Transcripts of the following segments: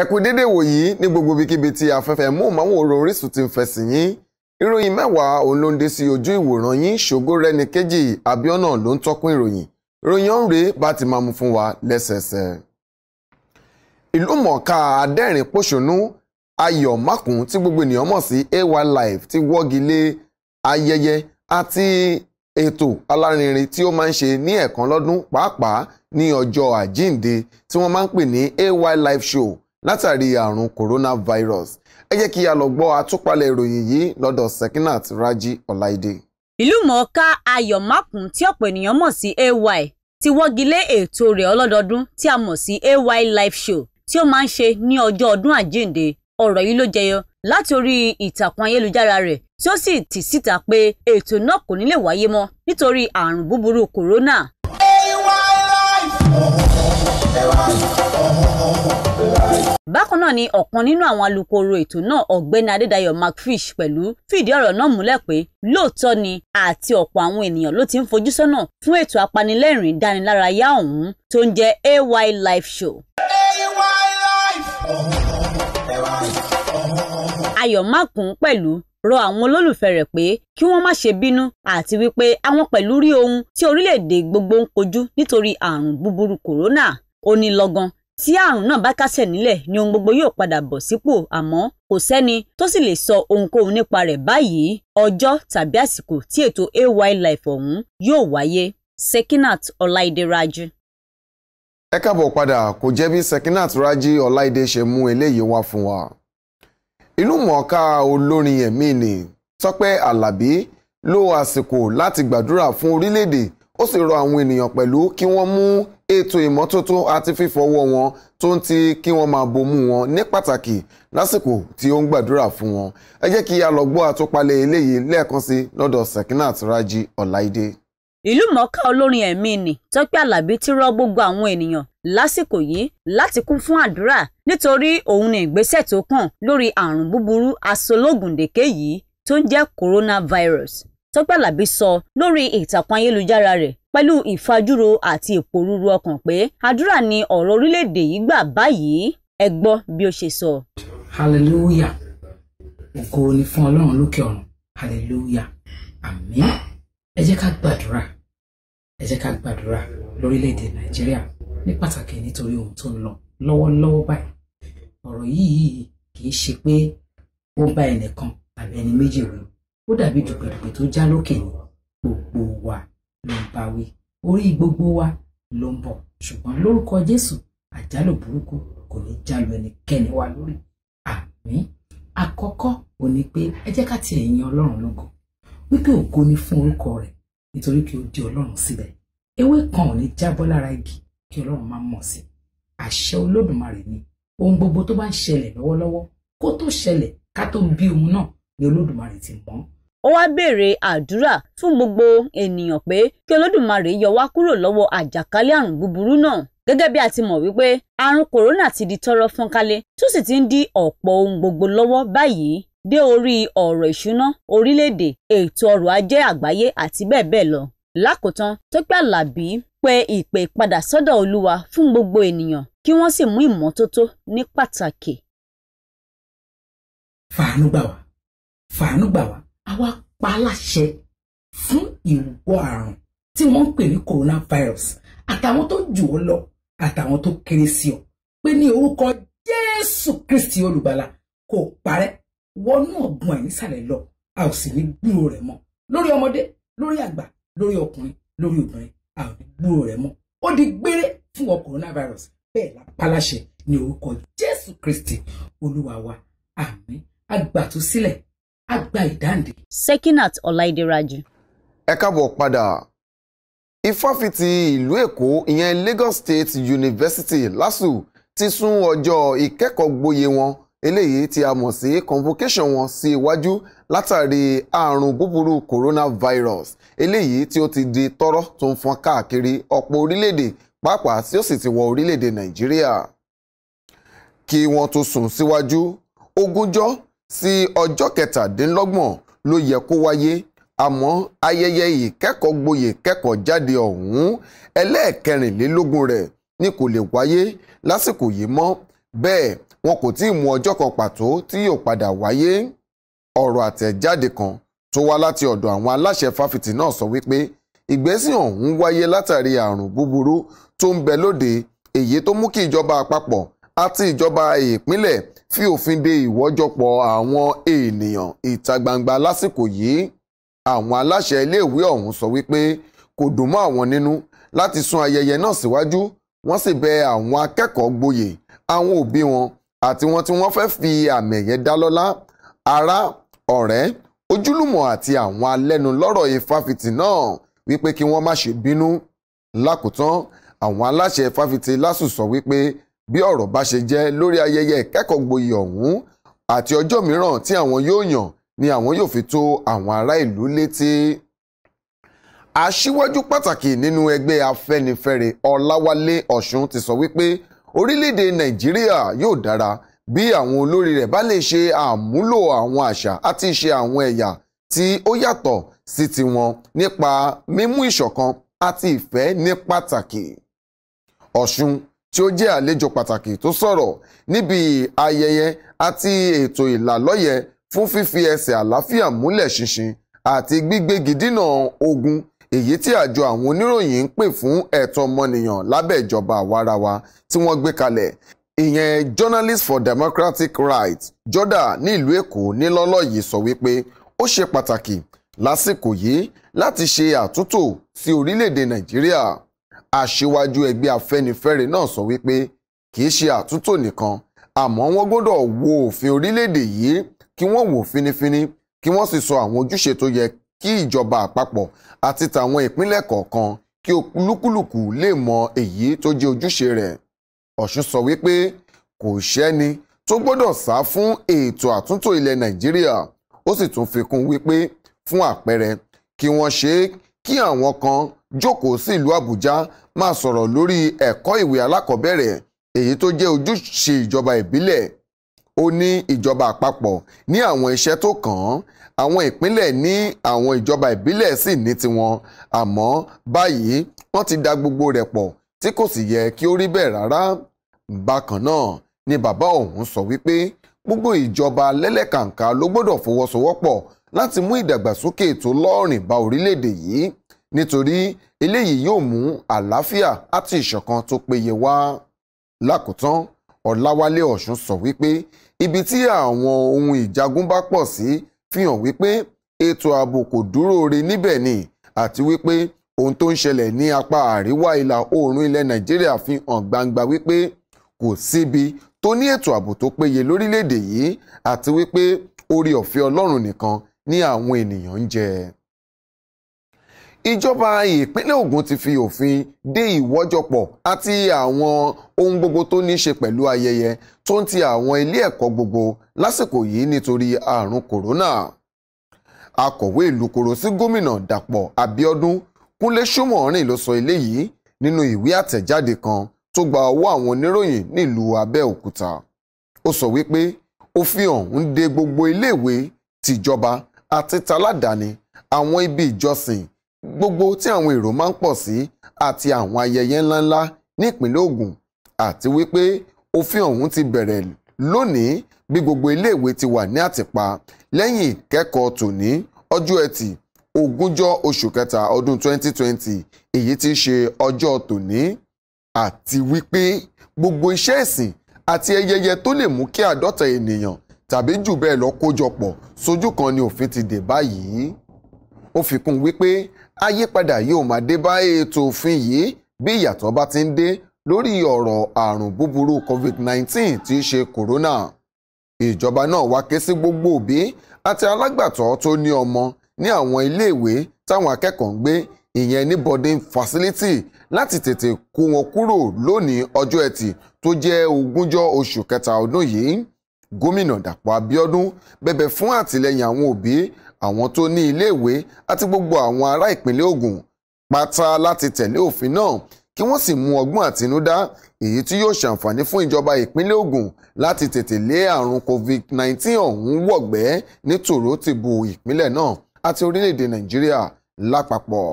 ẹ kú dédé wòyí ní gbogbo ibikíbi tí afẹ́fẹ́ mú màwòrán Orísun ti ń fẹsìn yín ìròyìn mẹ́wàá òun ló ń dé sí ojú ìwòran yín ṣògo rẹni kejì Abíọ́nà ló ń tọ́kún ìròyìn ìròyìn ọ̀rẹ́ bá ti máa mú fún wa lẹ́sẹẹsẹ. ìlú mọ̀ọ́ká adẹ́rìn pòṣónú Ayọ̀ Mákùn tí gbogbo ènìyàn mọ̀ sí AY Live ti wọ́gi lé ayẹyẹ àti ètò alárinrin tí ó máa ń ṣe ní ẹ̀ẹ̀kan lọ́dún pàápàá ní ọjọ́ àjíǹde tí wọ́n máa ń pè ní AY Live Show látàrí àrùn coronavirus ẹ jẹ́ kí a lọ gbọ́ àtúpalẹ̀ ìròyìn yìí lọ́dọ̀ Sekinat Raji Ọláìdé. ìlú mọ̀ọ́ká Ayọ̀ Makùn tí ọ̀pọ̀ ènìyàn mọ̀ sí AY ti wọ́gi lé ètò rẹ̀ ọlọ́dọọdún tí a mọ̀ sí AY Live Show tí ó máa ń ṣe ní ọjọ́ ọdún àjíǹde ọ̀rọ̀ yìí ló jẹyọ láti orí ìtàkùn ayélujára rẹ̀ tí ó sì tì síta pé ètò náà kò ní lè wáyé mọ́ nítorí àrùn búburú kòrónà náà ni ọ̀kan nínú àwọn alukoro ètò náà ọ̀gbẹ́ni Adédayọ̀ Macfish pẹ̀lú fìdí ọ̀rọ̀ náà múlẹ̀ pé lóòótọ́ ni àti ọ̀pọ̀ àwọn ènìyàn ló ti ń fojú sọ́nà fún ètò apanilẹ́rìn dánilárayá ọ̀hún tó ń jẹ́ AY Live Show. Ayọ̀ Mákùn pẹ̀lú rọ àwọn olólùfẹ́ rẹ̀ pé kí wọ́n má ṣe bínú àti wípé àwọn pẹ̀lú rí ohun tí orílẹ̀-èdè gbogbo ń kojú nítorí àrùn búburú kòrónà ó ní lọ́gán tí àrùn náà bá kásẹ̀ nílẹ̀ ni ohun gbogbo yóò padà bọ̀ sípò àmọ́ kò sẹ́ni tó sì lè sọ ohunkóhun nípa rẹ̀ báyìí ọjọ́ tàbí àsìkò tí ètò AY Life ọ̀hún yóò wáyé Sekinat Ọláìdé Rájí. ẹ káàbọ̀ padà kò jẹ́ bí Sekinat Rájí Ọláìdé ṣe mú eléyìí wá fún wa. inú mọ̀ọ́ká olórin ẹ̀mí ni Tọ́pẹ́ Àlàbí lo àsìkò láti gbàdúrà fún orílẹ̀-èdè ó sì rọ àwọn ènìyàn pẹ̀lú kí wọ́n mú ètò ìmọ́tótó àti fífọwọ́ wọn tó ń ti kí wọ́n máa bomú wọn ní pàtàkì lásìkò tí ó ń gbàdúrà fún wọn ẹ jẹ́ kí a lọ gbọ́ àtúpalẹ̀ eléyìí lẹ́ẹ̀kan sí lọ́dọ̀ Sekinat Raji Ọláìdé. ìlú mọ̀ọ́ká olórin ẹ̀mí ni Tọ́pẹ́ Àlàbí ti rọ gbogbo àwọn ènìyàn lásìkò yìí láti kún fún àdúrà nítorí òun ni ìgbésẹ̀ tó kàn lórí àrùn búburú asológùndèké yìí tó ń jẹ́ coronavirus Tọ́pẹ́ Àlàbí sọ lórí ìtàkùn ayélujára rẹ̀ pẹ̀lú ìfajúro àti ìpòrúru ọkàn pé àdúrà ni ọ̀rọ̀ orílẹ̀-èdè yìí gbà báyìí ẹ gbọ́ bí ó ṣe sọ. hallelujah ògo ni fún ọlọ́run lókè ọ̀run hallelujah àmín ẹ jẹ́ ká gbàdúrà ẹ jẹ́ ká gbàdúrà lórílẹ̀‐èdè nàìjíríà ní pàtàkì nítorí ohun tó ń lọ lọ́wọ́lọ́wọ́ báyìí ọ̀rọ̀ yìí kì í ṣe pé ó bá ẹnìkan tàbí ẹni méjì wí ó dàbí dùgbẹ̀dùgbẹ̀ tó já lókè ní gbogbo wa ló ń bá orí gbogbo wa ló ń bọ̀ ṣùgbọ́n lórúkọ Jésù àjálù burúkú kò ní jálu ẹnikẹ́ni wa lórí àmín àkọ́kọ́ ò ní pé ẹ jẹ́ ká ti ẹ̀yìn Ọlọ́run lógo wípé ògo ni fún orúkọ rẹ̀ nítorí kí o di Ọlọ́run síbẹ̀ ewé kan ò ní jábọ́ lára igi kí Ọlọ́run má mọ̀ sí àṣẹ Olódùmarè ni ohun gbogbo tó bá ń ṣẹlẹ̀ lọ́wọ́lọ́wọ́ kó tó ṣẹlẹ̀ ká tó bí ohun náà ni Olódùmarè ti mọ̀ ọ́ ó wá béèrè àdúrà fún gbogbo ènìyàn pé kí olódùmarè yọ wá kúrò lọ́wọ́ àjàkálẹ̀ àrùn búburú náà gẹ́gẹ́ bí a ti mọ̀ wípé àrùn kòrónà ti di tọ́rọ́ fọ́nkálẹ̀ tó sì ti ń di ọ̀pọ̀ ohun gbogbo lọ́wọ́ báyìí dé orí ọ̀rọ̀ ìṣúná orílẹ̀-èdè ètò ọrọ̀ ajé àgbáyé àti bẹ́ẹ̀ bẹ́ẹ̀ lọ. lákòótán Tópẹ́ Àlàbí pe ìpè padà sọ́dọ̀ Olúwa fún gbogbo ènìyàn kí wọ́n sì mú ìmọ́tótó ní pàtàkì. fàánú gbà wá fàánú gbà wá àwa pa á láṣẹ fún ìwọ àrùn tí wọ́n ń pè ní coronavirus àtàwọn tó jù ọ́ lọ àtàwọn tó kéré sí ọ pé ní orúkọ Jésù Kristi olùgbàlà kò parẹ́ wọnú ọ̀gbun ẹ̀ nísàlẹ̀ lọ a ò sì ní gbúrò rẹ̀ mọ́ lórí ọmọdé lórí àgbà lórí ọkùnrin lórí obìnrin a ò ní gbúrò rẹ̀ mọ́ ó di gbére fún ọ coronavirus bẹ́ẹ̀ la paláṣẹ ní orúkọ Jésù Kristi olúwa wa àmín agbàtúsílẹ̀ á gba ìdáǹdè. Sekinat Ọláìdẹ́rajì. ẹ káàbọ̀ padà ifáfitì ìlú èkó ìyẹn Lagos State University LASU ti sún ọjọ́ ìkẹ́kọ̀ọ́ gboyè wọn eléyìí tí a mọ̀ sí convocation wọn sí iwájú látàrí àrùn búburú coronavirus eléyìí tí ó ti di tọ́rọ́ tó ń fọn káàkiri ọ̀pọ̀ orílẹ̀-èdè pàápàá tí ó sì ti wọ orílẹ̀-èdè Nàìjíríà kí wọ́n tó sún síwájú ogúnjọ́ sí ọjọ́ kẹtàdínlọ́gbọ̀n ló yẹ kó wáyé àmọ́ ayẹyẹ ìkẹ́kọ̀ọ́gboyè kẹ́kọ̀ọ́ jáde ọ̀hún ẹlẹ́ẹ̀kẹrìnlélógún rẹ̀ ni kò lè wáyé lásìkò yìí mọ́ bẹ́ẹ̀ wọn kò tí ì mú ọjọ́ kan pàtó tí yóò padà wáyé ọ̀rọ̀ àtẹ̀jáde kan tó wá láti ọ̀dọ̀ àwọn aláṣẹ fáfitì náà sọ wípé ìgbésìn ọ̀hún wáyé látàrí àrùn búburú tó ń bẹ lóde èyí tó mú kí ìjọba àpapọ̀ àti ìjọba ìpínlẹ̀ fi òfin de ìwọ́jọpọ̀ àwọn ènìyàn ìta gbangba lásìkò yìí àwọn aláṣẹ iléèwé ọ̀hún sọ wípé kò dùn mọ́ àwọn nínú láti sún ayẹyẹ náà síwájú wọ́n sì bẹ àwọn akẹ́kọ̀ọ́ gboyè àwọn òbí wọn àti wọn tí wọ́n fẹ́ fi àmì ẹ̀yẹ dá lọ́lá ará ọ̀rẹ́ ojúlùmọ̀ àti àwọn alẹ́nulọ́rọ̀ ìfáfitì náà wípé kí wọ́n má ṣe bínú lákòótán àwọn aláṣẹ ìfáfitì lásù sọ wípé bí ọ̀rọ̀ bá ṣe jẹ́ lórí ayẹyẹ ìkẹ́kọ̀ọ́ gboyè ọ̀hún àti ọjọ́ mìíràn tí àwọn yóò yàn ni àwọn yóò fi tó àwọn ará ìlú létí. aṣíwájú pàtàkì nínú ẹgbẹ́ afẹ́nifẹ́re ọláwálé ọ̀ṣun ti sọ wípé orílẹ̀-èdè nàìjíríà yóò dára bí àwọn olórí rẹ̀ bá lè ṣe àmúlò àwọn àṣà àti ìṣe àwọn ẹ̀yà tí ó yàtọ̀ sí tiwọn nípa mímú ìṣọ̀kan àti ìfẹ́ ní pàtàkì ọ̀ṣun tí ó jẹ́ àlejò pàtàkì tó sọ̀rọ̀ níbi ayẹyẹ àti ètò ìlàlọ́yẹ fún fífi ẹsẹ̀ àlàáfíà múlẹ̀ ṣinṣin àti gbígbégi dínà ogun èyí tí àjọ àwọn oníròyìn ń pè fún ẹ̀tọ́ ọmọnìyàn lábẹ́ ìjọba àwarawa tí wọ́n gbé kalẹ̀ ìyẹn Journalists for Democratic Rights JODA ní ìlú Èkó nílọ́lọ́ yìí sọ wípé ó ṣe pàtàkì lásìkò yìí láti ṣe àtúntò sí orílẹ̀-èdè Nàìjíríà aṣíwájú ẹgbẹ́ afẹ́nifẹ́re náà sọ wípé kì í ṣe àtúntò nìkan àmọ́ wọ́n gbọ́dọ̀ wo òfin orílẹ̀-èdè yìí kí wọ́n wò finifini kí wọ́n sì sọ àwọn ojúṣe tó yẹ kí ìjọba àpapọ̀ àti tàwọn ìpínlẹ̀ kọ̀ọ̀kan kí olúkúlùkù lè mọ èyí tó jẹ́ ojúṣe rẹ̀ ọ̀ṣun sọ wípé kò sẹ́ni tó gbọ́dọ̀ sá fún ètò àtúntò ilẹ̀ nàìjíríà ó sì tún fi wípé fún àpẹẹrẹ kí wọ́n ṣe kí àwọn kan jókòó sí ìlú Àbújá máa sọ̀rọ̀ lórí ẹ̀kọ́ ìwé alákọ̀ọ́bẹ̀rẹ̀ èyí tó jẹ́ ojúṣe ìjọba ìbílẹ̀ ó ní ìjọba àpapọ̀ ní àwọn iṣẹ́ tó kàn án àwọn ìpínlẹ̀ ní àwọn ìjọba ìbílẹ̀ sì ní tiwọn àmọ́ báyìí wọ́n ti da gbogbo rẹ̀ pọ̀ tí kò sì yẹ kí ó rí bẹ́ẹ̀ rárá bákan náà ni bàbá ọ̀hún sọ wípé gbogbo ìjọba lẹ́lẹ́kàǹkà ló gbọ́dọ̀ fọwọ́sowọ́pọ̀ láti mú ìdàgbàsókè tó lọ́rìn bá orílẹ̀-èdè yìí nítorí eléyìí yóò mú àlàáfíà àti ìṣọ̀kan tó péye wá. lákòótán ọ̀làwálé ọ̀ṣun sọ wípé ibi tí àwọn ohun ìjagun bá pọ̀ sí fi hàn wípé ètò ààbò kò dúró re níbẹ̀ ni àti wípé ohun tó ń ṣẹlẹ̀ ní apá àríwá ìlà oòrùn ilẹ̀ nàìjíríà fi hàn gbangba wípé kò síbi tó ní ètò ààbò tó péye lórílẹ̀‐èdè yìí àti wípé orí ọ̀fẹ́ ọlọ́run nìkan ni àwọn ènìyàn ń jẹ ìjọba ìpínlẹ̀ Ògùn ti fi òfin dé ìwọ́jọpọ̀ àti àwọn ohun gbogbo tó ní í ṣe pẹ̀lú ayẹyẹ tó ń ti àwọn ilé ẹ̀kọ́ gbogbo lásìkò yìí nítorí àrùn kòrónà akọ̀wé ìlú koro sí gómìnà Dàpọ̀ Abíọ́dún Kúnlé Ṣómọ̀rìn ló sọ eléyìí nínú ìwé àtẹ̀jáde kan tó gba ọwọ́ àwọn oníròyìn nílùú Abẹ́òkúta ó sọ wípé òfin ọ̀hún dé gbogbo iléèwé tìjọba àti taládàáni àwọn ibi ìjọsìn gbogbo tí àwọn èrò máa ń pọ̀ sí àti àwọn ayẹyẹ ńláńlá nípínlẹ̀ Ògùn àti wípé òfin ọ̀hún ti bẹ̀rẹ̀ lónìí bí gbogbo iléèwé ti wà ní àtìpa lẹ́yìn ìkẹ́kọ̀ọ́ tòní ọjọ́ ẹtì ogúnjọ́ oṣù kẹta ọdún 2020 èyí ti ṣe ọjọ́ tòní àti wípé gbogbo iṣẹ́ ìsìn àti ẹyẹyẹ tó lè mú kí àádọ́ta ènìyàn tàbí jù bẹ́ẹ̀ lọ kójọpọ̀ sójú kan ni òfin ti dè báyìí ó fi kún wípé àyípadà yóò máa dé bá ètò òfin yìí bí ìyàtọ̀ bá ti ń dé lórí ọ̀rọ̀ àrùn búburú covid-19 tí í ṣe corona ìjọba náà wá ké sí gbogbo òbí àti alágbàtọ́ tó ní ọmọ ní àwọn iléèwé táwọn akẹ́kọ̀ọ́ ń gbé ìyẹn ní boarding facility láti tètè kó wọn kúrò lónìí ọjọ́ ẹtì tó jẹ́ ogúnjọ́ oṣù kẹta ọdún yìí gómìnà dàpọ̀ abíọ́dún bẹ̀bẹ̀ fún àtìlẹ́yìn àwọn òbí àwọn tó ní iléèwé àti gbogbo àwọn ará ìpínlẹ̀ Ògùn pátá láti tẹ̀lé òfin náà kí wọ́n sì mú ọgbọ́n àtinúdá èyí tí yóò ṣàǹfààní fún ìjọba ìpínlẹ̀ Ògùn láti tètè lé àrùn COVID-19 ọ̀hún wọ̀gbẹ́ nítorò ti bu ìpínlẹ̀ náà àti orílẹ̀-èdè Nàìjíríà lápapọ̀.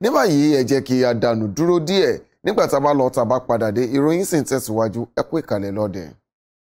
ní báyìí ẹ jẹ́ kí a dànù dúró díẹ̀ nígbà tá a bá lọ tá a bá padà dé ìròyìn sì ń tẹ̀síwájú ẹ kú ìkàlẹ̀ lọ́dẹ̀ẹ́.